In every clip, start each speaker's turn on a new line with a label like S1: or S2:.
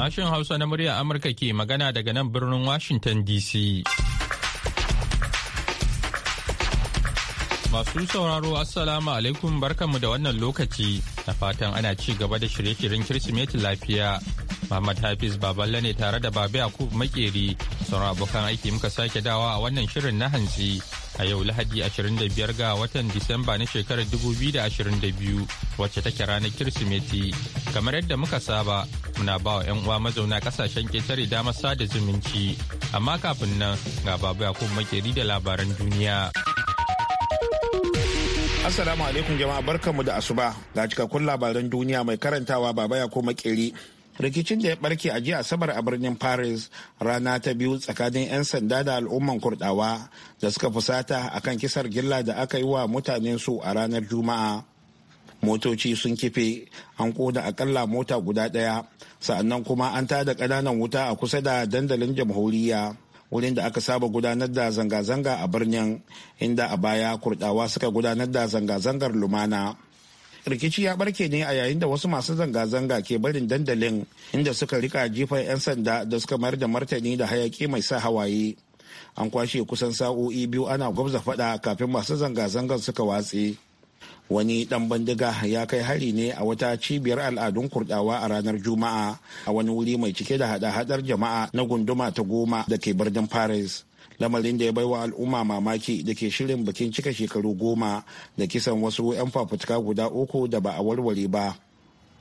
S1: Sashen Hausa na murya Amurka ke magana daga nan birnin Washington DC. Masu sauraro Assalamu alaikum barkanmu da wannan lokaci na fatan ana ci gaba da shirye-shiryen Kirsimeti lafiya. Muhammad Hafiz Baballe ne tare da Babi Yakub Makeri sauran abokan aiki muka sake dawa a wannan shirin na hantsi. a yau Lahadi 25 ga watan Disamba na shekarar 2022 wacce take ranar Kirsimeti. Kamar yadda muka saba, muna ba wa 'yan uwa mazauna kasashen ketare damar sada zumunci. Amma kafin nan ga babu ya kuma makeri da labaran duniya.
S2: Assalamu alaikum jama'a barkanmu da asuba ga cikakkun labaran duniya mai karantawa baba ya kuma makeri. rikicin da ya barke a jiya asabar a birnin paris rana ta biyu tsakanin 'yan sanda da al'umman kurdawa da suka fusata akan kisar gilla da aka yi wa mutanen su a ranar juma'a motoci sun kife an koda akalla mota guda daya sa'annan kuma an tada ƙananan wuta a kusa da dandalin jamhuriya wurin da aka saba gudanar da zanga-zanga a birnin inda a baya kurdawa suka gudanar da zanga-zangar lumana rikici ya barke ne a yayin da wasu masu zanga-zanga ke barin dandalin inda suka rika jifar 'yan sanda da suka mayar da martani da hayaki mai sa hawaye an kwashe kusan sa'o'i biyu ana gwabza fada kafin masu zanga-zangar suka watse wani dan bandiga ya kai hari ne a wata cibiyar al'adun kurdawa a ranar juma'a a wani wuri mai cike da hada-hadar jama'a na gunduma ta goma da ke birnin paris lamarin da ya baiwa al'umma mamaki da ke shirin bikin cika shekaru goma da kisan wasu 'yan fafutuka guda uku da ba a warware ba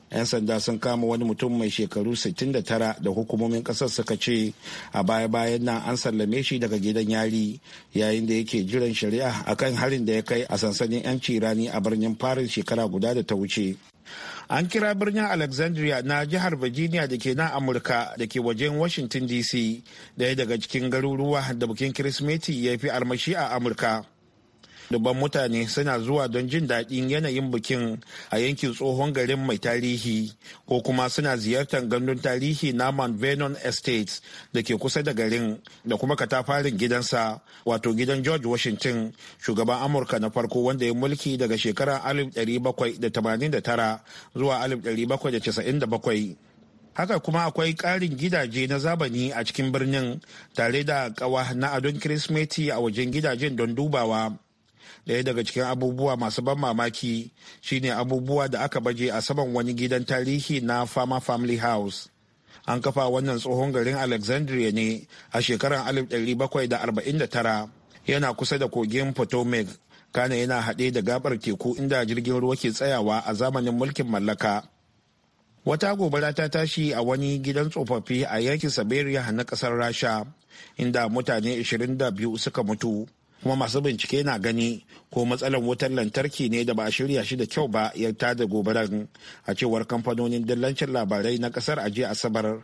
S2: 'yan sanda sun kama wani mutum mai shekaru 69 da hukumomin kasar suka ce a baya-bayan nan an sallame shi daga gidan yari yayin da yake jiran shari'a akan harin da ya kai a sansanin yanci rani a birnin paris shekara guda da ta wuce an kira birnin alexandria na jihar virginia da ke nan amurka da ke wajen washington dc daya daga cikin garuruwa da bikin kirismeti ya fi armashi a amurka Dubban mutane suna zuwa don jin daɗin yanayin bikin a yankin tsohon garin mai tarihi ko kuma suna ziyartar gandun tarihi na Mount Vernon Estates da ke kusa da garin da kuma katafarin gidansa wato gidan George Washington shugaban Amurka na farko wanda ya mulki daga shekarar 1789 zuwa 1797. haka kuma akwai ƙarin gidaje na zabani a cikin birnin tare da kawa na adon kirismeti a wajen gidajen don dubawa daya daga cikin abubuwa masu ban mamaki shine abubuwa da aka baje a saman wani gidan tarihi na fama family house an kafa wannan tsohon garin alexandria ne a shekarar 1749 yana kusa da kogin potomac kana yana haɗe da gabar teku inda jirgin ruwa ke tsayawa a zamanin mulkin mallaka wata gobara ta tashi a wani gidan tsofaffi a yankin siberia na ƙasar rasha inda mutane 22 suka mutu kuma masu bincike na gani ko matsalar wutar lantarki ne da ba a shirya shi da kyau ba ya tada gobarar a cewar kamfanonin dillancin labarai na kasar a asabar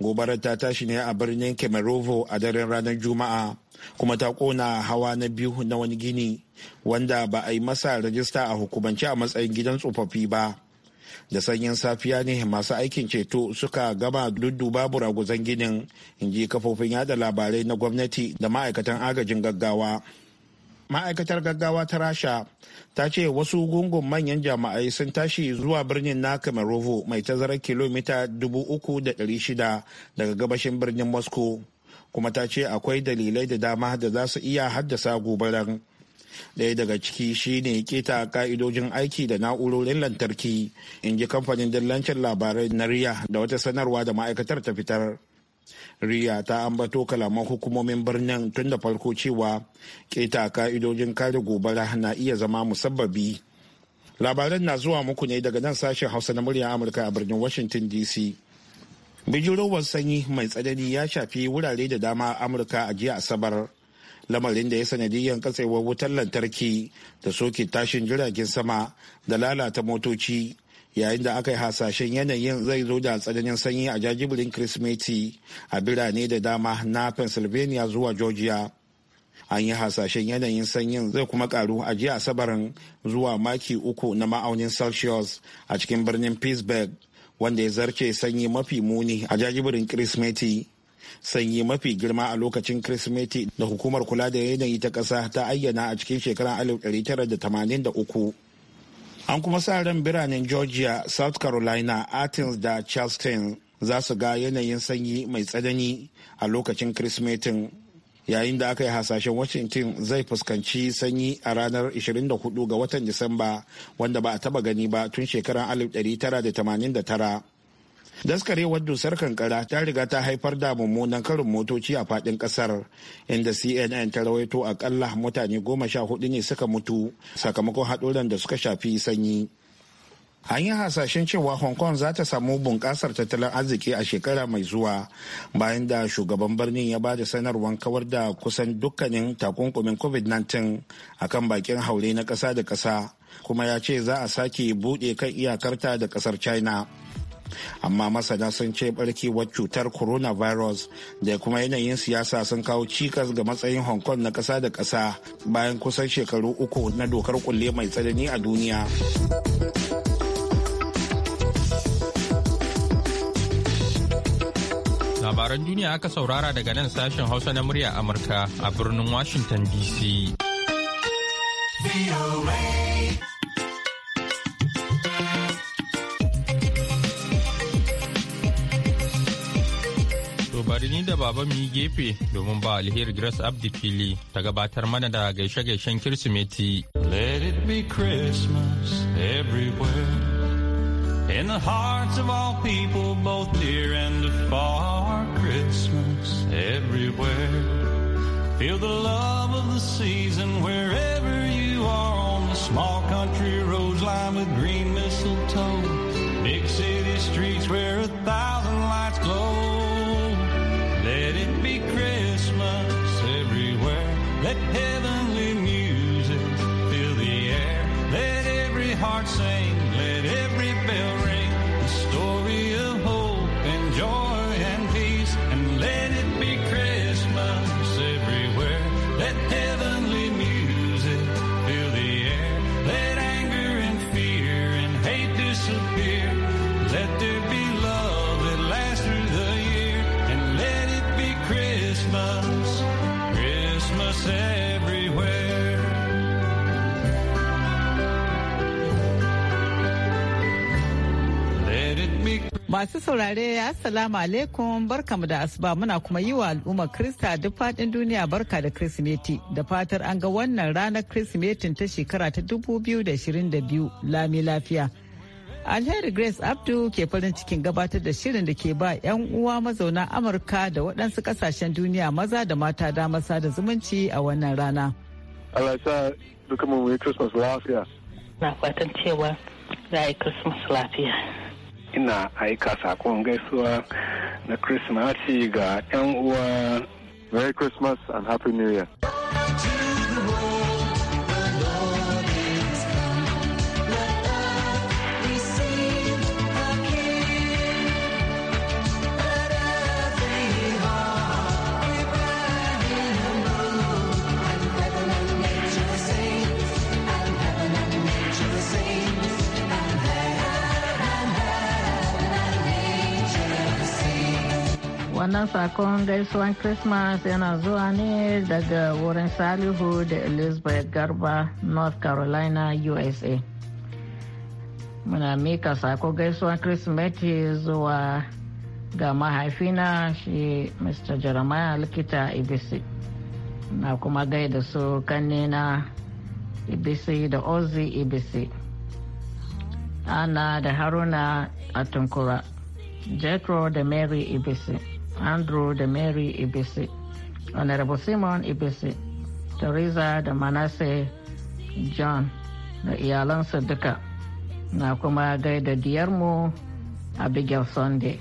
S2: gobarar ta tashi ne a birnin kemerovo a daren ranar juma'a kuma ta kona hawa na biyu na wani gini wanda ba a yi masa rajista a hukumance a matsayin gidan tsofaffi ba da sanyin safiya ne masu aikin ceto suka gama dudduba raguzan ginin inji kafofin yada labarai na gwamnati da ma'aikatan agajin gaggawa ma'aikatar gaggawa ta rasha ta ce wasu gungun manyan jama'ai sun tashi zuwa birnin na kamarovo mai tazarar kilomita 3,600 daga gabashin birnin moscow kuma ta ce akwai dalilai da dama da za su iya haddasa gobaran ɗaya daga ciki shine keta ka'idojin aiki da na'urorin lantarki in ji kamfanin dillancin labarai na riya da wata sanarwa da ma'aikatar ta fitar riya ta ambato kalaman hukumomin birnin tun da farko cewa keta ka'idojin kare gobara na iya zama musabbabi labaran na zuwa muku ne daga nan sashen hausa na murya amurka a birnin washington dc bijirowar sanyi mai tsanani ya shafi wurare da dama a amurka a jiya asabar lamarin da ya sanadiyyar katsewar wutar lantarki da soke tashin jiragen sama da lalata motoci yayin da aka yi hasashen yanayin zai zo da tsananin sanyi a jajibirin kirsimeti a birane da dama na pennsylvania zuwa georgia an yi hasashen yanayin sanyin zai kuma karu a jiya asabarin zuwa maki uku na ma'aunin celsius a cikin birnin pittsburgh wanda ya zarce sanyi mafi muni a jajibirin kirsimeti sanyi mafi girma a lokacin kirsimeti da hukumar kula da yanayi ta ƙasa ta ayyana a cikin shekarar 1983 an kuma sa ran biranen georgia south carolina athens da charleston za su ga yanayin sanyi mai tsanani a lokacin kirsimetin yayin da aka yi hasashen washington zai fuskanci sanyi a ranar 24 ga watan disamba wanda ba a taba gani ba tun shekarar 1989 daskarewar dusar kankara ta riga ta haifar da mummunan karin motoci a fadin kasar inda cnn ta rawaito akalla mutane goma sha hudu ne suka mutu sakamakon haɗuran da suka shafi sanyi an yi hasashen cewa hong kong za ta samu bunƙasar tattalin arziki a shekara mai zuwa bayan da shugaban birnin ya ba da sanarwar kawar da kusan dukkanin takunkumin covid-19 a kan bakin haure na ƙasa da ƙasa kuma ya ce za a sake buɗe kan iyakarta da ƙasar china amma masana sun ce barkewar cutar coronavirus da kuma yanayin siyasa sun kawo cikas ga matsayin hong kong na kasa da kasa bayan kusan shekaru uku na dokar kulle mai tsanani a duniya
S1: labaran duniya aka saurara daga nan sashen hausa na murya amurka a birnin washington dc da ni da baba mu yi gefe domin ba alheri Grace Abdi fili ta gabatar mana da gaishe-gaishen Kirsimeti. Let it be Christmas everywhere In the hearts of all
S3: people both near and afar Christmas everywhere Feel the love of the season wherever you are On the small country roads lined with green mistletoe Big city streets where a thousand
S4: Masu saurare Assalamu alaikum barkamu da asuba muna kuma yi wa al'ummar Krista duk faɗin duniya barka da Kirsimeti da fatar an ga wannan ranar Kirsimetin ta shekara ta 2022 lami lafiya. Alheri Grace Abdu ke farin cikin gabatar da shirin da ke ba 'yan uwa mazauna Amurka da waɗansu ƙasashen duniya maza da mata damar sada zumunci a wannan rana.
S5: Allah duka mu yi Christmas lafiya. Na fatan cewa za a yi Christmas lafiya. Ina
S6: aika sakon gaisuwa na Christmas ga 'yan uwa. Merry
S7: Christmas and Happy New Year.
S8: sunan sakon gaisuwan Christmas yana zuwa ne daga wurin Salihu da Elizabeth Garba, North Carolina, USA. Muna mika sako gaisuwan Christmas zuwa ga mahaifina shi Mr. Jeremiah Likita Ibisi. Na kuma gaida su kannina Ibisi da ozi Ibisi. Ana da Haruna a Tunkura. Jethro da Mary Ibisi. andrew da mary Ibisi, honorable simon Ibisi, theresa da manasse john da iyalansa duka na kuma gaida diyarmu abigail sunday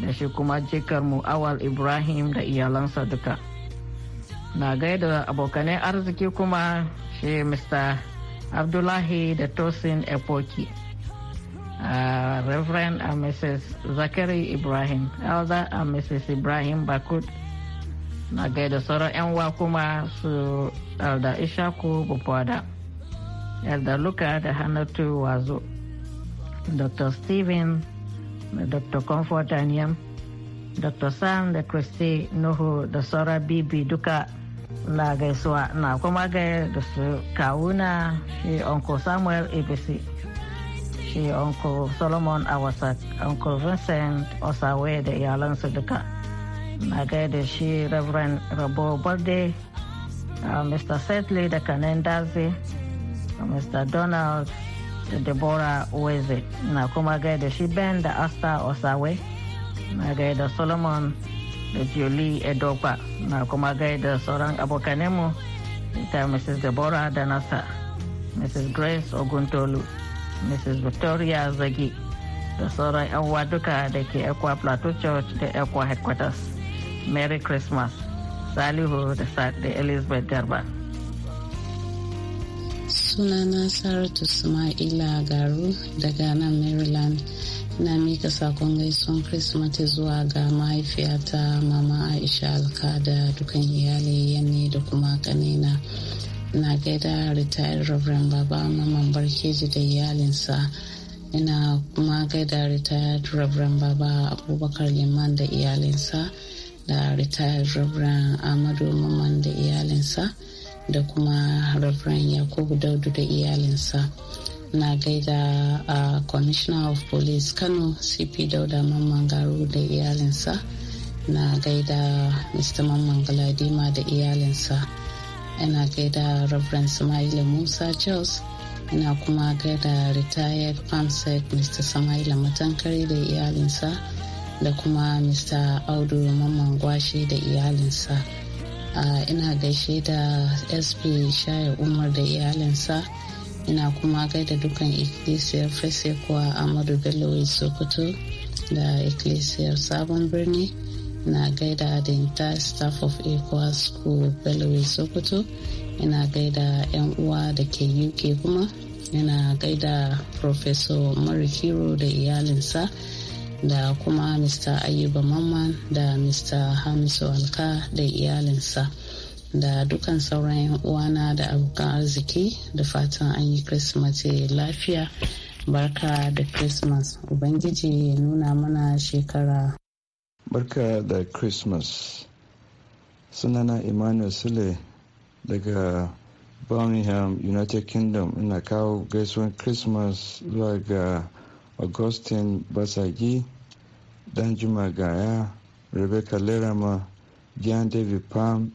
S8: da shi kuma jikarmu awal ibrahim da iyalansa duka na gaida abokanai arziki kuma shi mr abdullahi da tosin epoki uh, Reverend and uh, Mrs. Zakari Ibrahim, Elder and uh, Mrs. Ibrahim Bakut, na gaida sauran 'yan kuma su Elder Ishaku Bukwada, Elder Luka the Hannatu Wazo, Dr. Stephen Dr. Comfort Anyam, Dr. Sam the Christy Nuhu the Sora Bibi duka na gaisuwa the kuma gaida da su Uncle Samuel ABC. shi uncle solomon awasak uncle vincent osawe da iyalansu duka na gaida shi reverend rabo birthday uh, mr setley da kanen dazi mr donald da deborah weze na kuma gaida shi ben da asta osawe na gaida solomon da julie edogba na kuma gaida sauran abokanenmu ita mrs deborah da nasa mrs grace oguntolu mrs victoria zagi da sauran 'yan uwa duka da ke ekwa plateau church da ekwa headquarters merry christmas salihu da elizabeth garba sunana
S9: saratu Sumaila garu daga nan maryland na mika sakon gaison christmas zuwa ga mahaifiyata mama aisha alka da dukan iyali yanni da kuma kanina na gaida retired reverend baba maman barkeji da iyalinsa ina kuma gaida retired reverend baba abubakar liman da iyalinsa da retired reverend amadu maman da iyalinsa da kuma reverend yakubu daudu da iyalinsa na gaida a commissioner of police kano cp dauda mamman garu da iyalinsa na gaida mr mamman galadima da iyalinsa ina gaida Reverend Samaila Musa Jos ina kuma gaida retired farmsec Mr. Samaila Matankari da iyalinsa da kuma Mr. Audu Mamman Gwashi da iyalinsa. a ina gaishe da SP Shaya Umar da iyalinsa ina kuma gaida dukan ikkilisiyar Fesekuwa Amadu Bello Sokoto da ikkilisiyar Sabon Birni. ina gaida da entire staff of ecowas school bellowe sokoto yana gaida 'yan uwa da ke uk kuma yana gaida professor marikiro da iyalinsa da kuma mr ayuba mamman da mr hamisu alka da iyalinsa da dukan sauran 'yan uwana da abokan arziki da fatan an yi kirsimati lafiya barka da christmas ubangiji ya nuna mana shekara
S7: barka da christmas sunana emmanuel sule daga birmingham united kingdom ina kawo gaisuwan christmas zuwa ga augustine basagi dan juma gaya rebecca lerama jan david palm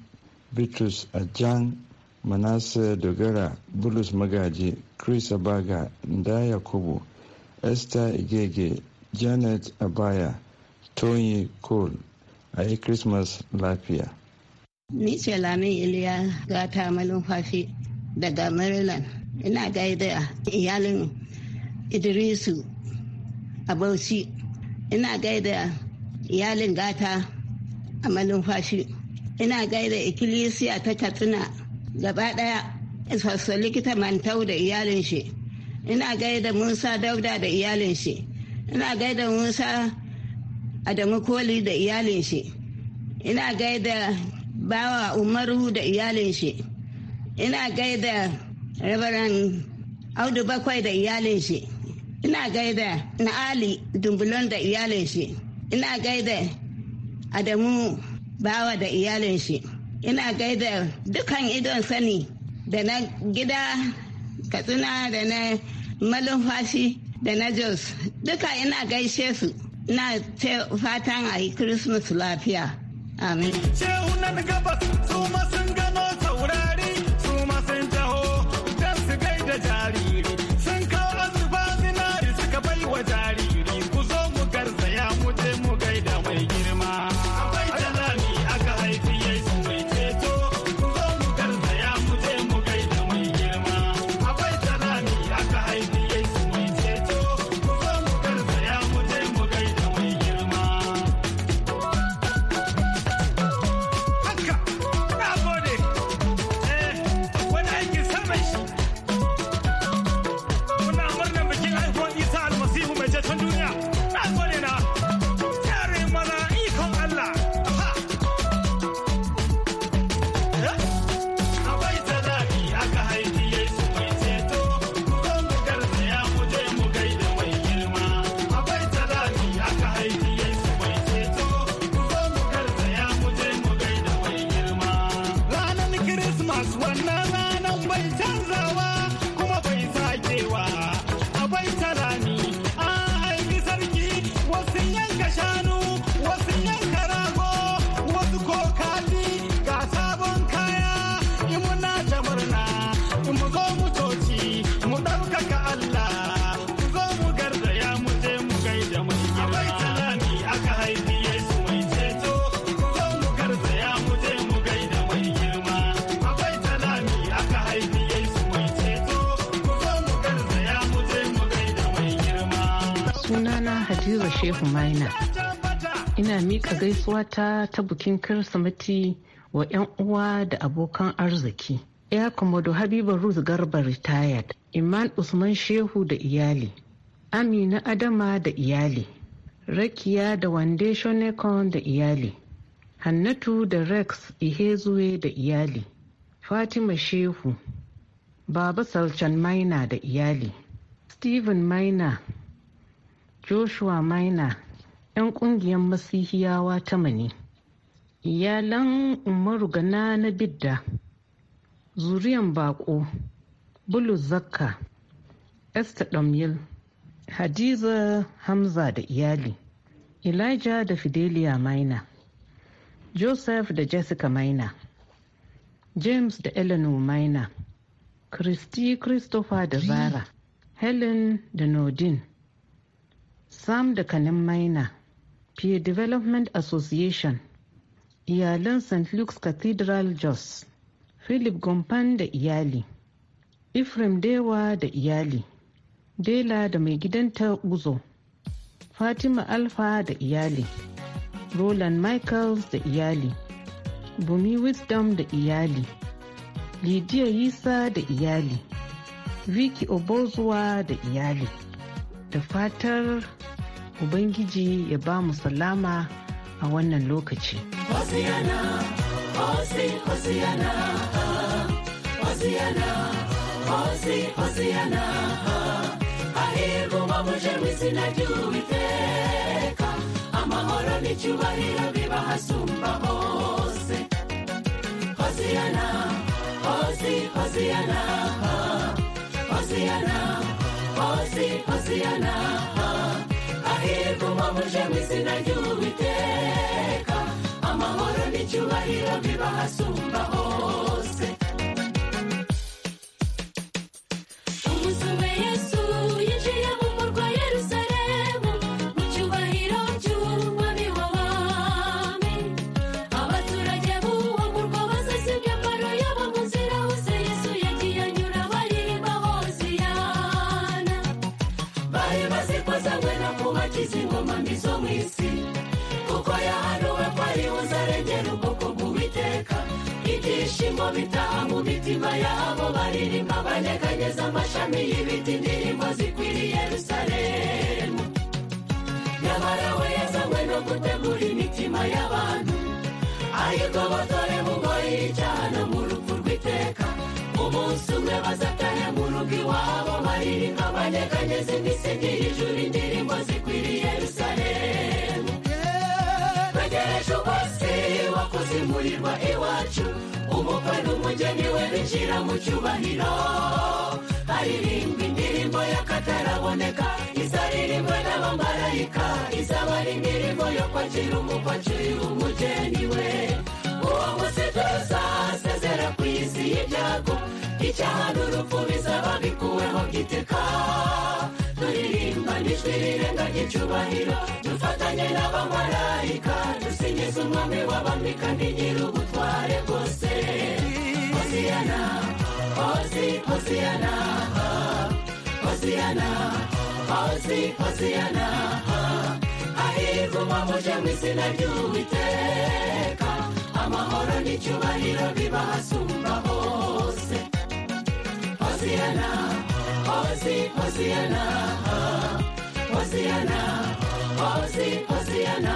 S7: bitrus ajan manasseh dogara bulus magaji chris abaga nda yakubu esther igege janet abaya Tony Cole, a yi Christmas lafiya.
S10: Ni ce Lamin Iliya gata fafi daga Maryland. Ina gaida iyalin Idrisu a Bauchi. Ina gaida iyalin gata a malumfashi. Ina gaida ikilisiya ta Katsina gaba ɗaya. Sassa likita mantau da iyalin shi. Ina gaida Musa Dauda da iyalin shi. Ina gaida Musa Adamu Koli da iyalin shi. Ina gaida Bawa Umaru da iyalin shi. Ina gaida Reverend Audu Bakwai da iyalin shi. Ina gaida Na'ali Dumbulon da iyalin shi. Ina gaida Adamu Bawa da iyalin shi. Ina gaida dukan idon sani da na gida Katsina da na malumfashi da na Jos. Duka ina gaishe su. na fatan ayi yi lafiya. Amin.
S3: Shehunan gabas su sun gano Shehu Maina. Ina miƙa gaisuwa ta
S11: ta bukin Kirsimeti wa 'yan uwa da abokan arziki. Ya komodo Habiba Ruth Garba retired, Iman Usman Shehu da iyali, Amina Adama da iyali, Rakiya da Wande Shonekon da iyali, Hannatu da Rex Ihezuwe da iyali, Fatima Shehu, Baba Salchan Maina da iyali, Stephen Maina joshua maina 'yan ƙungiyar masihiyawa ta mani iyalan umaru gana na bidda zuriyan bako bulu zakka esther damil hadiza hamza da iyali elijah da fidelia maina joseph da jessica maina james da eleanor maina christy christopher da zara helen da nodin sam da kanin maina peer development association iyalan st luke's cathedral jos philip gompan da iyali Ifrim Dewa da iyali, Dela da mai gidanta Uzo, Fatima Alfa da iyali, Roland Michaels da iyali, Bumi Wisdom da iyali, Lidiya Yisa da iyali, Vicky Obozuwa da iyali. Da fatar ubangiji ya ba mu salama a wannan lokaci
S5: hosiyana hosiyana hosiyana hosiyana ahirwa mu je mu izina ry'uwiteka amahoro n'icyubahiro Hosiana, hasumba hosiana, hosiana, hosi hosiana. hosiyana hosi hosiyana tuje mu izina ry'uwiteka amahoro n'icyubahiro biba hose izo mu isi kuko yahanuwe ko aribuze arengera ubwoko bw'uwiteka ibyishimo bitaha mu mitima y'abo baririmba banyeganyeza amashami y'ibiti indirimbo zikwiriye rusaremu nyamara we yazanywe no gutegura imitima y'abantu ahirwa mu ngoyi y'icyaha mu rupfu rw'iteka umunsi umwe bazatanya mu rugo iwabo baririmba banyeganyeza imiseke hejuru indirimbo zikwiriye yerusalemu begereje umunsi wo kuzimurirwa iwacu umukwe n'umugeni we bishyira mu cyubahiro haririmbwa indirimbo y'akataraboneka izaririmbwa n'abamarayika izaba ari indirimbo yo kwakira umupacu umugeni we umusitoza sezera ku isi y'ibyago icyaha n'urupfu bizaba bikuweho giteka turirimba n'ijwi rirenganya icyubahiro dufatanye n'abamarayika dusingiza umwami w'abami kandi nyir'ubutware bwose hosiyana hosi hosiyana hosiyana hosi hosiyana hahirwa umwe muje mu izina ry'uwiteka amahoro n'icyubahiro bibahasumba hose hoziyana hozi hoziyana hoziyana hozi hoziyana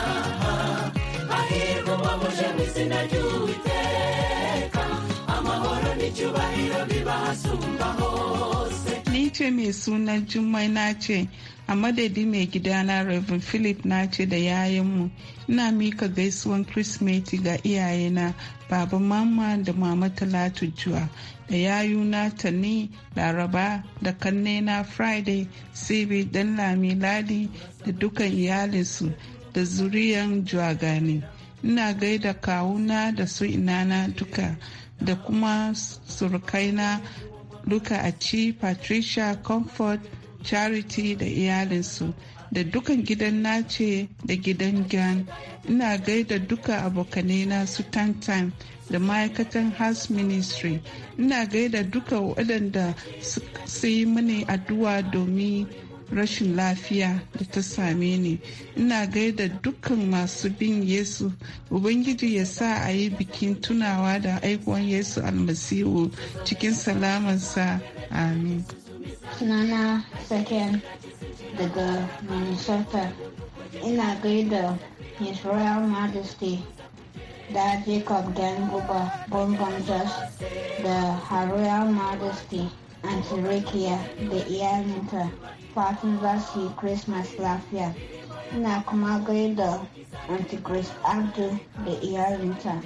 S5: hahirwa uwo muje mu izina ry'uwiteka amahoro n'icyubahiro bibahasumba hose
S12: ce mai sunan jummai na ce a madadi mai gidana Reverend Philip na ce da yayanmu ina mika gaisuwan Kirsimeti ga iyayena Baba Mama da Mama Talatu Juwa da yayuna Tani Laraba da kannena Friday Sibi dan Lami Ladi da dukan iyalinsu da zuriyan Juwagani. Ina gaida kawuna da su inana duka da kuma surukaina duka a ci patricia comfort charity da iyalinsu da dukan gidan nace da gidan gan ina gaida duka abokanena su time da ma'aikatan house ministry ina gaida duka waɗanda su yi mini addu'a domin rashin lafiya da ta same ni ina gaida dukkan masu bin yesu ubangiji ya sa a yi bikin tunawa da aikon yesu almasihu cikin salamansa amin
S13: sunana saken daga minnesota ina gaida his royal majesty da jacob dan buba bon da her royal majesty Aunty Rakiya da iyalinta fatan za su yi Christmas lafiya. Ina kuma gaida Aunty Grace Abdu da iyalinta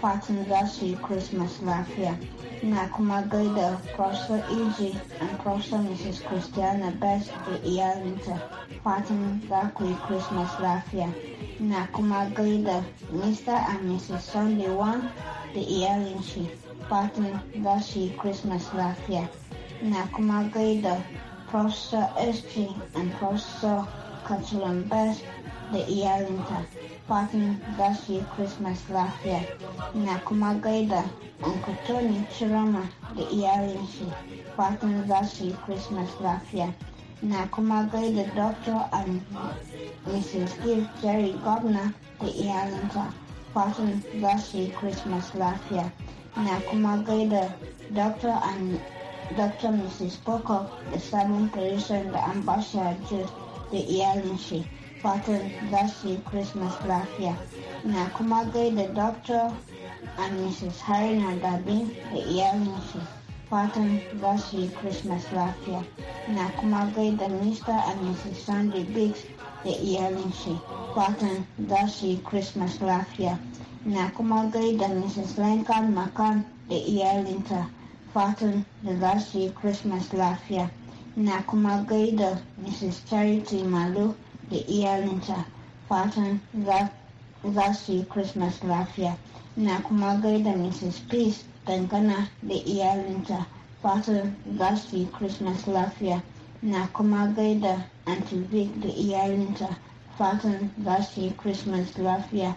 S13: fatan za su yi Christmas lafiya. Ina kuma gaida Professor E.J. and Professor Mrs. Christiana Best da iyalinta fatan za ku yi Christmas lafiya. Ina kuma gaida Mr. and Mrs. Sunday One da iyalinci fatan za su yi Christmas lafiya. Nakuma Gaida, Professor Espy and Professor Katsulambes the iyalinta fatan last year Christmas last year. kuma gaida Uncle Tony Chiroma the iyalin shi last year Christmas last Na kuma gaida Dr. and Mrs. Steve Jerry Governor da iyalinta fatan za su Christmas last Na kuma gaida Dr. and Dr. Mrs. Pocock, the Simon firisan da the ba shi hajjus da iyalin shi Christmas lafiya. Na kuma gaida Dr. and Mrs. Harry Dabi the iyalin Father, Darcy, Christmas lafiya. Na kuma gaida Mr. and Mrs. Sandy Biggs the iyalin Father, Darcy, Christmas lafiya. Na kuma gaida Mrs. Lincoln McCann, the iyalinta. fatan da za su yi Christmas lafiya. Na kuma gaida Mrs. Charity Malo da iyalinta fatan za su yi Christmas lafiya. Na kuma gaida Mrs. Peace dangana da iyalinta fatan za su yi Christmas lafiya. Na kuma gaida Auntie Vic da iyalinta fatan za su yi Christmas lafiya.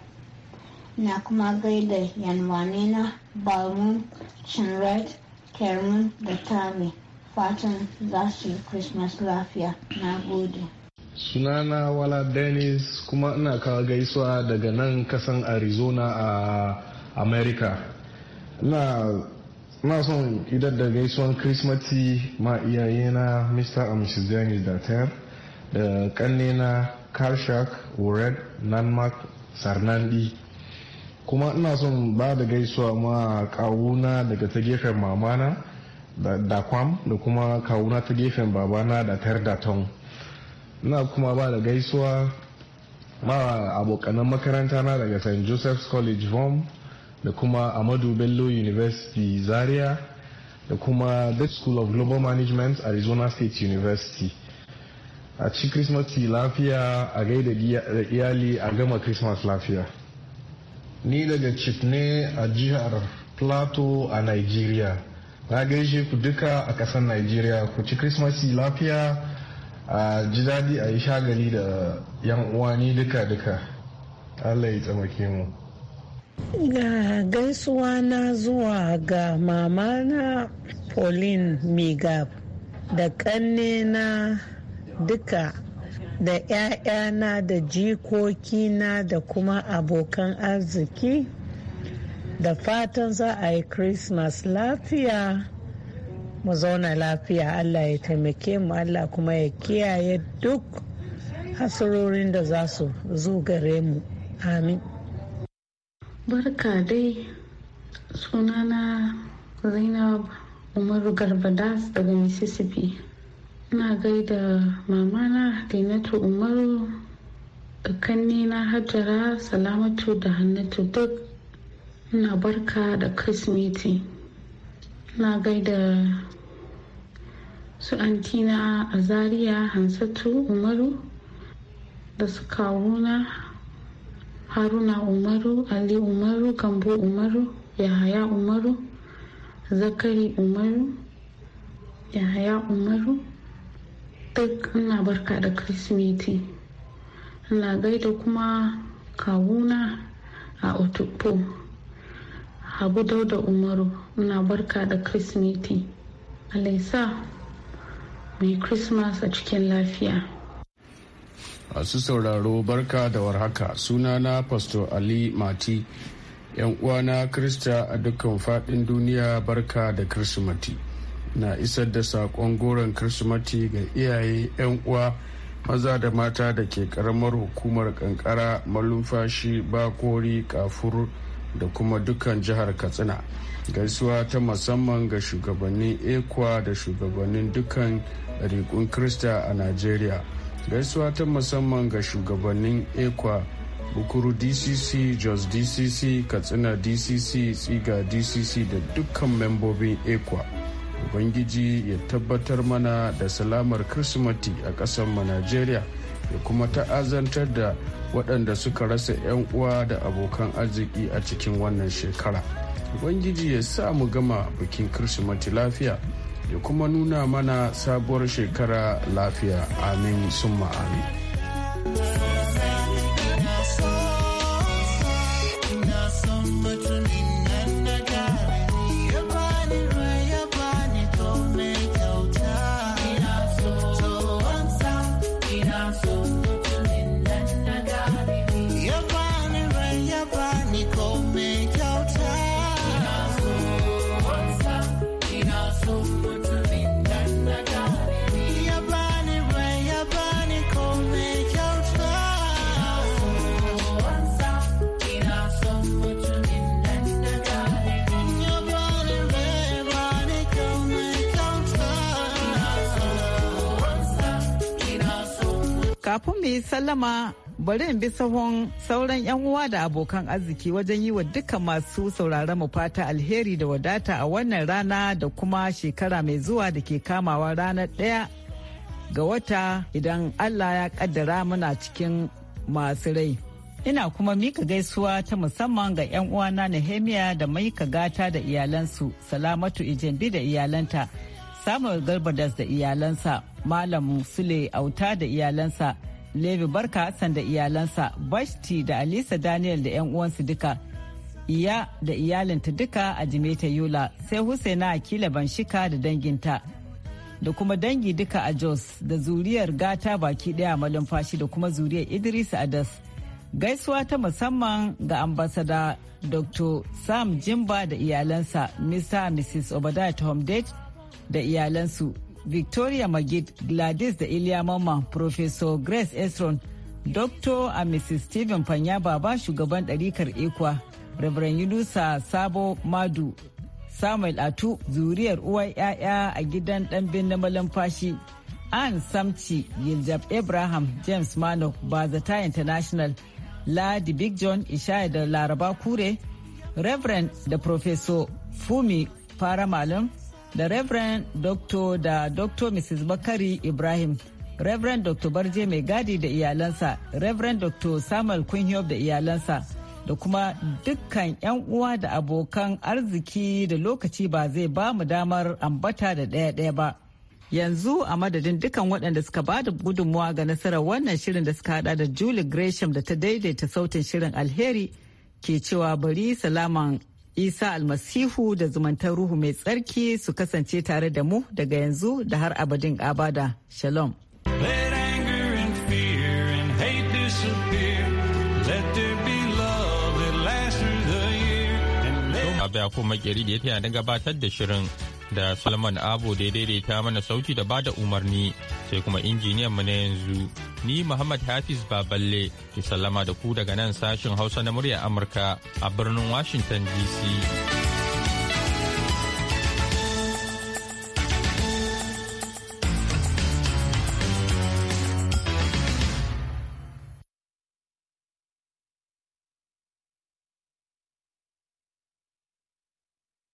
S13: Na kuma gaida yanwanena Balmun Shinrait Karen da Tami. Fatan za su yi Christmas lafiya. Na gode.
S6: Sunana Wala Dennis kuma ina kawo gaisuwa daga nan kasan Arizona a America. Ina son idan da gaisuwan Krismati ma iyayena Mr. and da Dennis Dater da kannena Karshak, Ored, Nanmak, Sarnandi kuma ina son ba da gaisuwa ma kawuna daga ta gefen mamana da kwam da kuma kawuna ta gefen babana da tar da taun ina kuma ba da gaisuwa ma abokanan makaranta na daga st joseph's college vom da kuma amadu bello university zaria da kuma dutch school of global management arizona state university a ci christmas lafiya a gaida iyali a gama christmas lafiya ni daga chitne ne a jihar plateau a nigeria na gaishe ku duka a ƙasar nigeria ku ci krismasi lafiya a ji daɗi a yi shagali da yan uwani duka duka allah ya tsamake mu
S11: ga gaisuwa na zuwa ga mama na pauline migab da kanne na duka da 'ya'yana da jikokina da kuma abokan arziki da fatan za a yi christmas lafiya mu zauna lafiya allah ya taimake mu allah kuma ya kiyaye duk hasarorin da za su zo gare mu amin barka dai
S14: sunana zainab umaru garbadas daga mississippi na gaida mamana dinatu umaru da na hajjara salamatu da hannatu duk na barka da kirsimeti na gaida su antina azariya hansatu umaru da su kawuna haruna umaru ali umaru gambo umaru yahaya umaru zakari umaru yahaya umaru duk ina barka da kirsimeti ina gaida kuma kawuna a otupo habu dauda umaru ina barka da kirsimeti alaisa mai christmas a cikin lafiya
S7: masu sauraro barka da warhaka sunana pastor ali mati yan uwana krista a dukkan fadin duniya barka da kirsimeti na isar da saƙon goron kirsimati ga iyaye 'yan uwa maza da mata da ke karamar hukumar kankara malumfashi bakori kafur da kuma dukkan jihar katsina gaisuwa ta musamman ga shugabannin ekwa da shugabannin dukkan rikun krista a nigeria gaisuwa ta musamman ga shugabannin ekwa bukuru dcc jos dcc katsina dcc tsiga dcc da dukkan membobin ekwa ubangiji ya tabbatar mana da salamar kirsimati a ƙasarmu najeriya ya kuma ta'azantar da waɗanda suka rasa 'yan uwa da abokan arziki a cikin wannan shekara ubangiji ya sa mu gama bikin kirsimati lafiya ya kuma nuna mana sabuwar shekara lafiya amin summa amin
S4: Kafin mu yi sallama bari in bi sahun sauran 'yan uwa da abokan arziki wajen yi wa duka masu sauraron mu fata alheri da wadata a wannan rana da kuma shekara mai zuwa da ke kamawa ranar ɗaya ga wata idan Allah ya kaddara muna cikin masu rai. Ina kuma mika gaisuwa ta musamman ga 'yan na Nehemiya da maika gata da iyalansu, Salamatu Ijembi da iyalanta. samuel garbadas da iyalansa malam sule auta da iyalansa levi barka hassan da iyalansa bashti da alisa daniel da 'yan uwansu duka iya da iyalinta duka a jimeta yula sai husaina akila banshika da danginta da kuma dangi duka a jos da zuriyar gata baki daya malumfashi da kuma zuriyar idris adas gaisuwa ta musamman ga ambasada dr sam jimba da iyalansa mr mrs obadiah tomdate da iyalansu victoria magid gladys da iliya mamma professor grace esron dr a mrs stephen panya baba shugaban ɗarikar ekwa reverend yunusa sabo madu samuel atu zuriyar uwar 'ya'ya a gidan ɗanbin na malamfashi an samci yiljab abraham james mano bazata international ladi big john ishaya da laraba kure reverend da professor fumi fara malam da Reverend Dr. da Dr. Mrs. Bakari Ibrahim, Reverend Dr. Barje Mai Gadi da iyalansa, Reverend Dr. Samuel Kunhiyob da iyalansa, da kuma dukkan 'yan uwa da abokan arziki da lokaci ba zai ba mu damar ambata da ɗaya-ɗaya ba. Yanzu a madadin dukkan waɗanda suka ba da gudunmuwa ga nasarar wannan shirin da suka haɗa da Julie Gresham da ta daidaita sautin shirin alheri ke cewa bari salaman Isa almasihu da zumantar ruhu mai tsarki su kasance tare da mu daga yanzu da har abadin abada.
S1: Shalom. Abu ya kuma makeri da ya tana gabatar da shirin da Salman Abo da ta mana sauti da bada umarni sai kuma injiniyan mu na yanzu ni Muhammad Hafiz Baballe ke sallama da ku daga nan sashin Hausa na murya Amurka a birnin Washington DC.